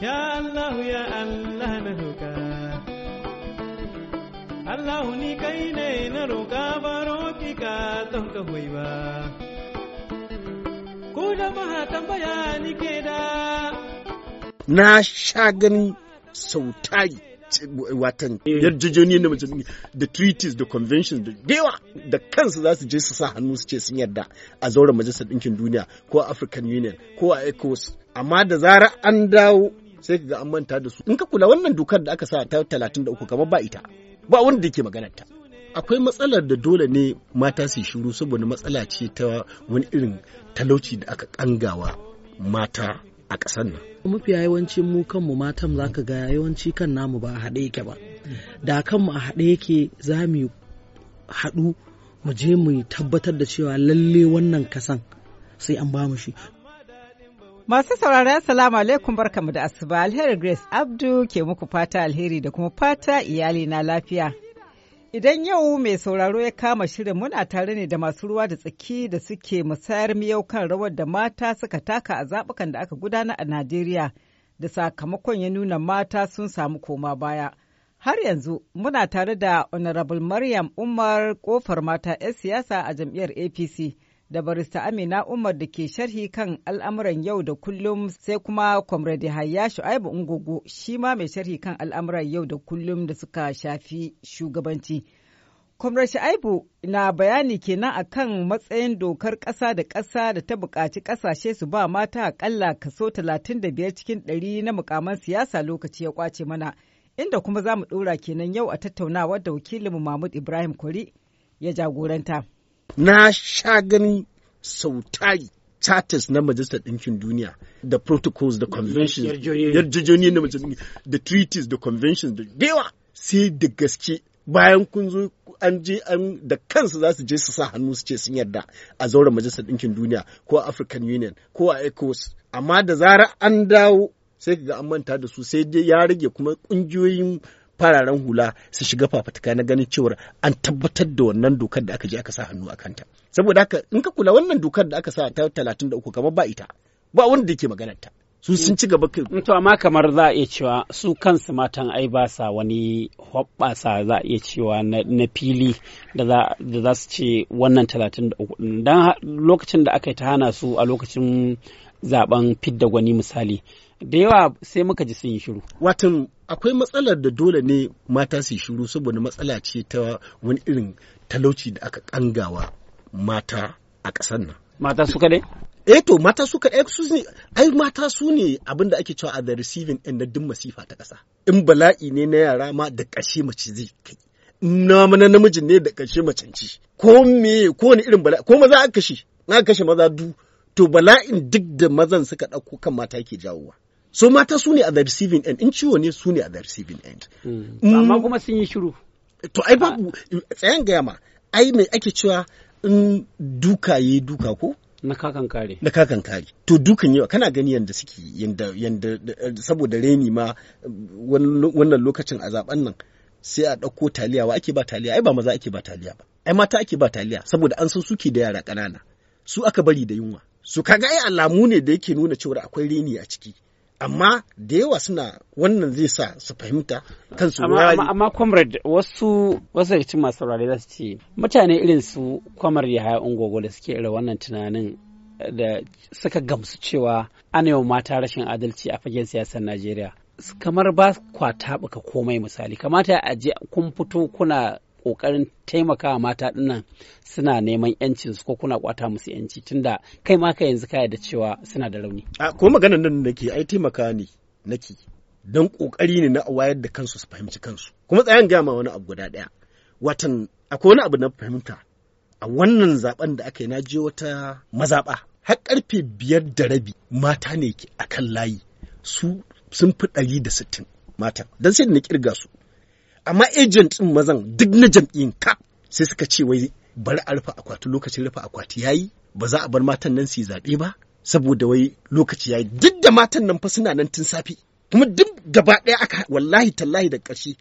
Ya Allah ya Allah na roƙa Allah ni kai ne na roƙa baro ki ka don ka hoyi ba Ku maha tambaya ni ke da Na sha gani sau tari watan yarjejeniya na majalisa da treaties da conventions da da kansu za su je su sa hannu su ce sun yarda a zauren majalisar ɗinkin duniya ko a african union ko a ecowas amma da zarar an dawo sai ka ga an manta da su in ka kula wannan dokar da aka sa ta talatin da uku kamar ba ita ba wanda yake maganar ta akwai matsalar da dole ne mata su shiru saboda matsala ce ta wani irin talauci da aka kangawa mata a ƙasar nan. mafiya yawancin mu kanmu matan za ka ga yawanci kan namu ba a haɗe yake ba da kanmu a haɗe yake za mu haɗu mu je mu tabbatar da cewa lalle wannan kasan sai an ba mu shi Masu saurara salamu alaikum barkamu da asuba alheri Grace Abdu ke muku fata alheri da kuma fata iyali na lafiya. Idan yau mai sauraro ya kama shirin muna tare ne da masu ruwa da tsaki da suke musayar miyau kan rawar da mata suka taka a zaɓukan da aka gudana a Najeriya da sakamakon ya nuna mata sun samu koma baya. Har yanzu muna tare da Honorable Maryam Umar kofar mata 'yan siyasa a jam'iyyar APC. da barista Amina Umar da ke sharhi kan al'amuran yau da kullum sai kuma Comrade Hayya Shu'aibu Ungugu shi ma mai sharhi kan al'amuran yau da kullum da suka shafi shugabanci. Comrade Shu'aibu na bayani kenan akan matsayin dokar ƙasa da ƙasa da ta buƙaci ƙasashe su ba mata aƙalla kaso talatin da biyar cikin ɗari na mukaman siyasa lokaci ya kwace mana. Inda kuma za mu ɗora kenan yau a tattaunawa da wakilinmu Mahmud Ibrahim Kwari ya jagoranta. na sha sau tari charters na majalisar ɗinkin duniya da protocols da conventions yarjejeniyoyi na majalisar da treaties da conventions da yawa sai da gaske bayan kun zo an je an da kansu za su je su sa hannu su ce sun yarda a zauren majalisar ɗinkin duniya ko a african union ko a ecos amma da zarar an dawo sai ka ga an manta da su sai dai ya rage kuma ƙungiyoyin fararen hula su shiga fafatika na ganin cewar an tabbatar da wannan dokar da aka je aka sa hannu a kanta saboda haka in ka kula wannan dokar da aka sa ta talatin da uku kamar ba ita ba wanda da ke maganarta su sun ci gaba kai to amma kamar za a iya cewa su kansu matan ai ba sa wani hoɓɓasa za a iya cewa na fili da za su ce wannan talatin da uku don lokacin da aka yi ta hana su a lokacin zaben fidda gwani misali da yawa sai muka ji sun yi shiru watan akwai matsalar da dole ne mata su shiru saboda matsala ce ta wani irin talauci da aka kangawa mata a ƙasar nan mata su kaɗai eh to mata su kaɗai su ne ai mata su ne abin da ake cewa a the receiving end na duk masifa ta ƙasa in bala'i ne na yara ma da ƙashe mace zai kai na mana namijin ne da macen ci. ko me ko wani irin bala'i ko maza aka kashe na kashe maza du to bala'in duk da mazan suka ɗauko kan mata ke jawowa so mata su ne a the receiving end in ciwo ne su ne a the receiving end mm. amma kuma sun yi shiru to ai babu tsayan gaya ma ai mai ake cewa in duka yi duka ko na kakan kare na kakan kare to dukan yawa kana gani yadda suke yadda yadda saboda reni ma wannan lokacin a zaben nan sai a ɗauko taliya wa ake ba taliya ai ba maza ake ba taliya ba ai mata ake ba taliya saboda an san suke da yara ƙanana su aka bari da yunwa su kaga ai alamu ne da yake nuna cewa akwai reni a ciki amma da yawa suna wannan zai sa su fahimta kansu amma amma comrade wasu wasu daga cikin masu saurare za su ce mutane irin su kwamar yahaya ungogo da suke irin wannan tunanin eh, da suka gamsu cewa ana yawan mata rashin adalci a fagen siyasar Najeriya kamar ba kwa taɓuka komai misali kamata a je kun fito kuna kokarin taimakawa mata dinnan suna neman yancinsu ko kuna kwata musu yanci tunda kai ma ka yanzu kaya da cewa suna da rauni a ko maganar nan nake ai taimaka ne nake Dan kokari ne na wayar da kansu su fahimci kansu kuma tsayan ga ma wani abu guda daya watan akwai wani abu na fahimta a wannan zaben da aka yi na je wata mazaba har karfe biyar da rabi mata ne a layi su sun fi ɗari da sittin matan don sai da na kirga su amma agent din mazan duk na jam'in ka sai suka ce wai bari a rufe akwati lokacin rufe akwati yayi ba za a bar matan nan su zaɓe ba saboda wai lokaci yayi duk da matan nan fa suna nan tun safi kuma duk gaba ɗaya aka wallahi tallahi da ƙarshe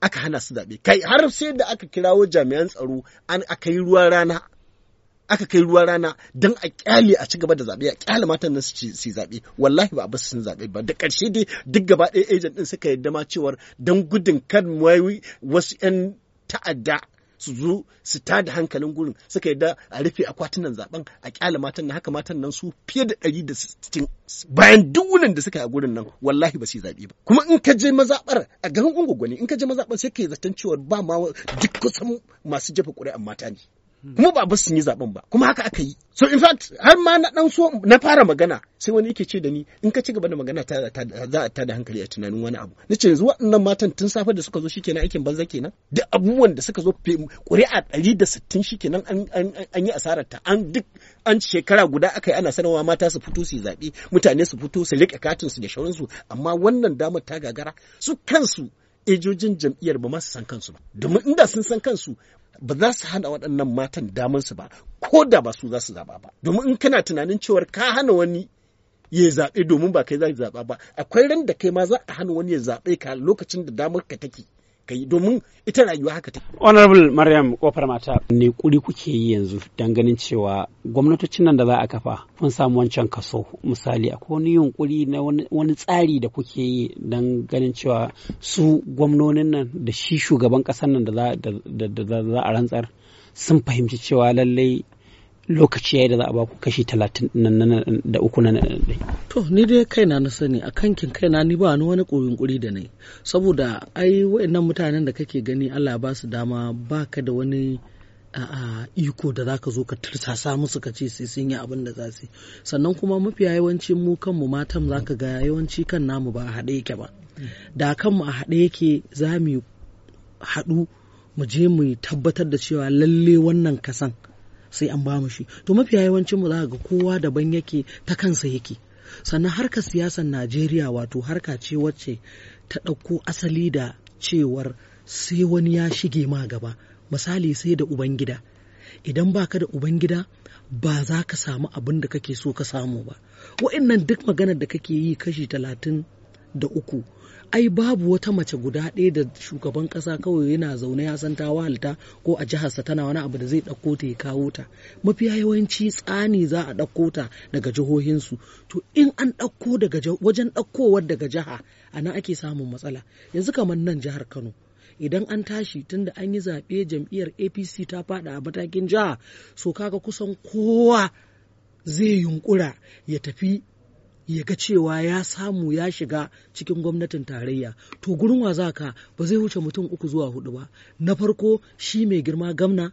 aka hana su zaɓe kai har sai da aka kirawo jami'an tsaro an aka yi ruwan rana aka kai ruwa rana don a kyale a ci gaba da zaɓe a kyale matan nan su ci zaɓe wallahi ba a basu sun zaɓe ba da ƙarshe dai duk gaba ɗaya agent ɗin suka yarda ma cewar don gudun kan wasu ƴan ta'adda su zo su ta da hankalin gurin suka yarda a rufe akwatunan zaɓen, a kyale matan nan haka matan nan su fiye da ɗari da sittin bayan duk wulan da suka yi a gurin nan wallahi ba su zaɓe ba kuma in ka je mazaɓar a garin ungwagwani in ka je mazaɓar sai ka yi zaton cewar ba ma duk kusan masu jefa ƙuri'an mata ne kuma ba sun yi zaben ba kuma haka aka yi so in fact har ma na dan so na fara magana sai wani yake ce da ni in ka ci gaba da magana za a tada hankali a tunanin wani abu ce yanzu waɗannan matan tun safe da suka zo shikenan aikin banza kenan duk abubuwan da suka zo ƙuri'a ɗari da sittin shikenan an yi asarar ta an duk an shekara guda aka yi ana sanarwa mata su fito su yi zaɓe mutane su fito su riƙe katin su da su amma wannan damar ta gagara su kansu ejojin jam'iyyar ba masu san kansu ba domin inda sun san kansu ba za su hana waɗannan matan daman su ba ko da ba su za su zaɓa ba domin in kana tunanin cewar ka hana wani ya zaɓe domin ba kai za ka zaɓa ba akwai ran da kai ma za a hana wani ya zaɓe ka lokacin da damar ka take ka yi domin ita rayuwa haka ta. Honorable Maryam kofar mata ne kuri kuke yi yanzu don ganin cewa gwamnatocin nan da za a kafa kun samu wancan kaso misali akwai wani yunkuri na wani tsari da kuke yi don ganin cewa su gwamnonin nan da shi shugaban ƙasar nan da za a rantsar sun fahimci cewa lallai lokaci yayi da za a baku kashi talatin da uku na to ni dai kaina na sani a kankin kaina ni ba ni wani koyon kuri da nai saboda ai wayannan mutanen da kake gani Allah ba su dama ba ka da wani a iko da zaka zo ka tirsasa musu ka ce sai sun yi abin da za su sannan kuma mafiya yawanci mu kanmu matan zaka ga yawanci kan namu ba a haɗe yake ba da kanmu a haɗe yake za mu haɗu mu je mu tabbatar da cewa lalle wannan kasan sai an bamu shi to mafiya yawancin mu za ga kowa daban yake ta kansa yake sannan harkar siyasar najeriya wato harka ce wacce ta ɗauko asali da cewar sai wani ya shige ma gaba misali sai da ubangida idan baka da ubangida ba za ka samu abin da kake so ka samu ba wa'annan duk maganar da kake yi kashi talatin da uku ai babu wata mace guda ɗaya da shugaban ƙasa kawai yana zaune ya san ta wahalta ko a jiharsa tana wani abu da zai ɗauko ta ya kawo ta mafiya yawanci tsani za a ɗauko ta daga jihohinsu to in an ɗauko daga wajen ɗaukowar daga jiha a nan ake samun matsala yanzu kamar nan jihar kano idan an tashi tunda an yi zaɓe jam'iyyar apc ta faɗa a matakin jiha so kaga kusan kowa zai yunkura ya tafi ya ga cewa ya samu ya shiga cikin gwamnatin tarayya to gurin wa zaka ba zai wuce mutum uku zuwa hudu ba na farko shi mai girma gamna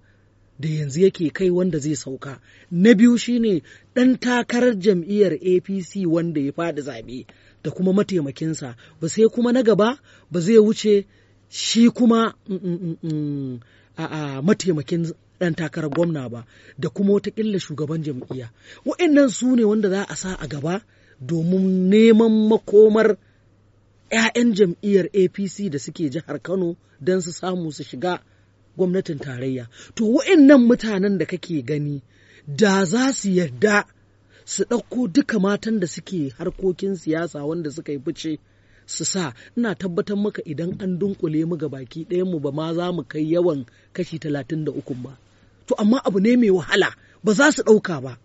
da yanzu yake kai wanda zai sauka na biyu shine ɗan takarar jam'iyyar apc wanda ya faɗi zaɓe da kuma mataimakinsa ba sai kuma na gaba ba zai wuce shi kuma mm, mm, mm, mataimakin ɗan takarar gwamna ba da kuma watakila shugaban jam'iyya wa'annan su ne wanda za a sa a gaba domin neman makomar 'ya'yan jam'iyyar apc da suke jihar kano don su samu su shiga gwamnatin tarayya to wa'annan mutanen da kake gani da za su yarda su ɗauko duka matan da suke harkokin siyasa wanda suka yi fice su sa ina tabbatar maka idan an dunkule mu ga baki mu ba ma za mu kai yawan kashi talatin da ukun ba to amma abu ne mai wahala ba za su ɗauka ba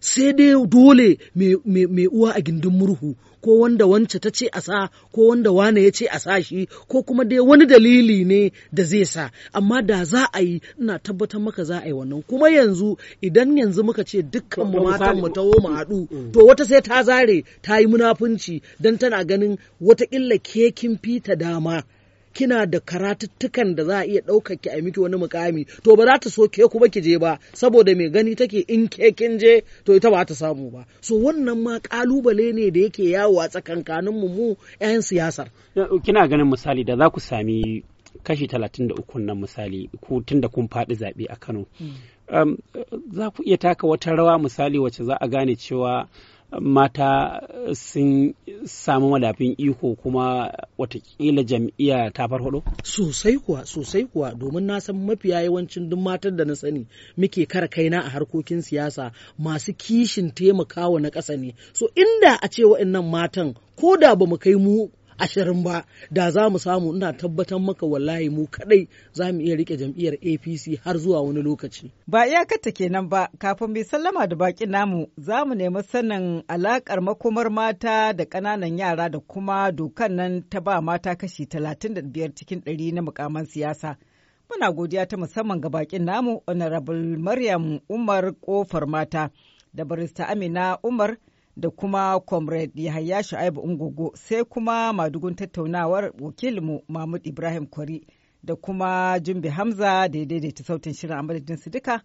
sai dai dole mai uwa a gindin murhu ko wanda wance ta ce a sa ko wanda wane ya ce a sa shi ko kuma dai wani dalili ne da zai sa amma da za a yi ina tabbatar maka za a yi wannan kuma yanzu idan yanzu muka ce dukkan mu matan mu mu mm. haɗu mm. to wata sai ta zare ta yi munafunci don tana ganin wata illa kekin fita dama kina da karatuttukan da za a iya ɗaukar ki a miki wani mukami to ba za ta so ke kuma ki je ba saboda mai gani take in ke kin je to ita ba ta samu ba so wannan ma kalubale ne da yake yawo a tsakankanin mu mu 'yan siyasar kina ganin misali da za ku sami kashi talatin da nan misali ku tun da kun faɗi zaɓe a Kano hmm. um, za ku iya taka wata rawa misali wacce za a gane cewa mata sun samu madafin iko kuma watakila jam'iyya ta farfado? Sosai kuwa, sosai kuwa domin na san mafiya yawancin duk matar da na sani muke kara kaina a harkokin siyasa masu kishin taimakawa na ƙasa ne. So inda a ce wa'annan matan ko da ba mu kai mu ashirin ba da za mu samu ina tabbatar maka wallahi mu kadai za mu iya rike jam'iyyar apc har zuwa wani lokaci ba iyakarta kenan ba kafin bai sallama da baki namu za mu nemi sanin alakar makomar mata da ƙananan yara da kuma dokan nan ta ba mata kashi talatin da biyar cikin ɗari na mukaman siyasa muna godiya ta musamman ga bakin namu honorable maryam umar kofar mata da barista amina umar da kuma comrade Yahaya Shu'aibu Ungogo sai kuma madugun tattaunawar wakilmu Mahmud Ibrahim Kwari da kuma Jumbe Hamza da ya daidaita sautin shirin a madadin su duka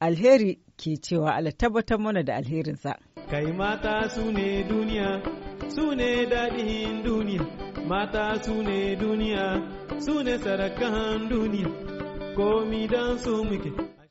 alheri ke cewa ala tabbatar mana da alherinsa. Kai mata su ne duniya, su ne daɗin duniya, mata su ne duniya, su ne sarakan duniya, komi don su muke.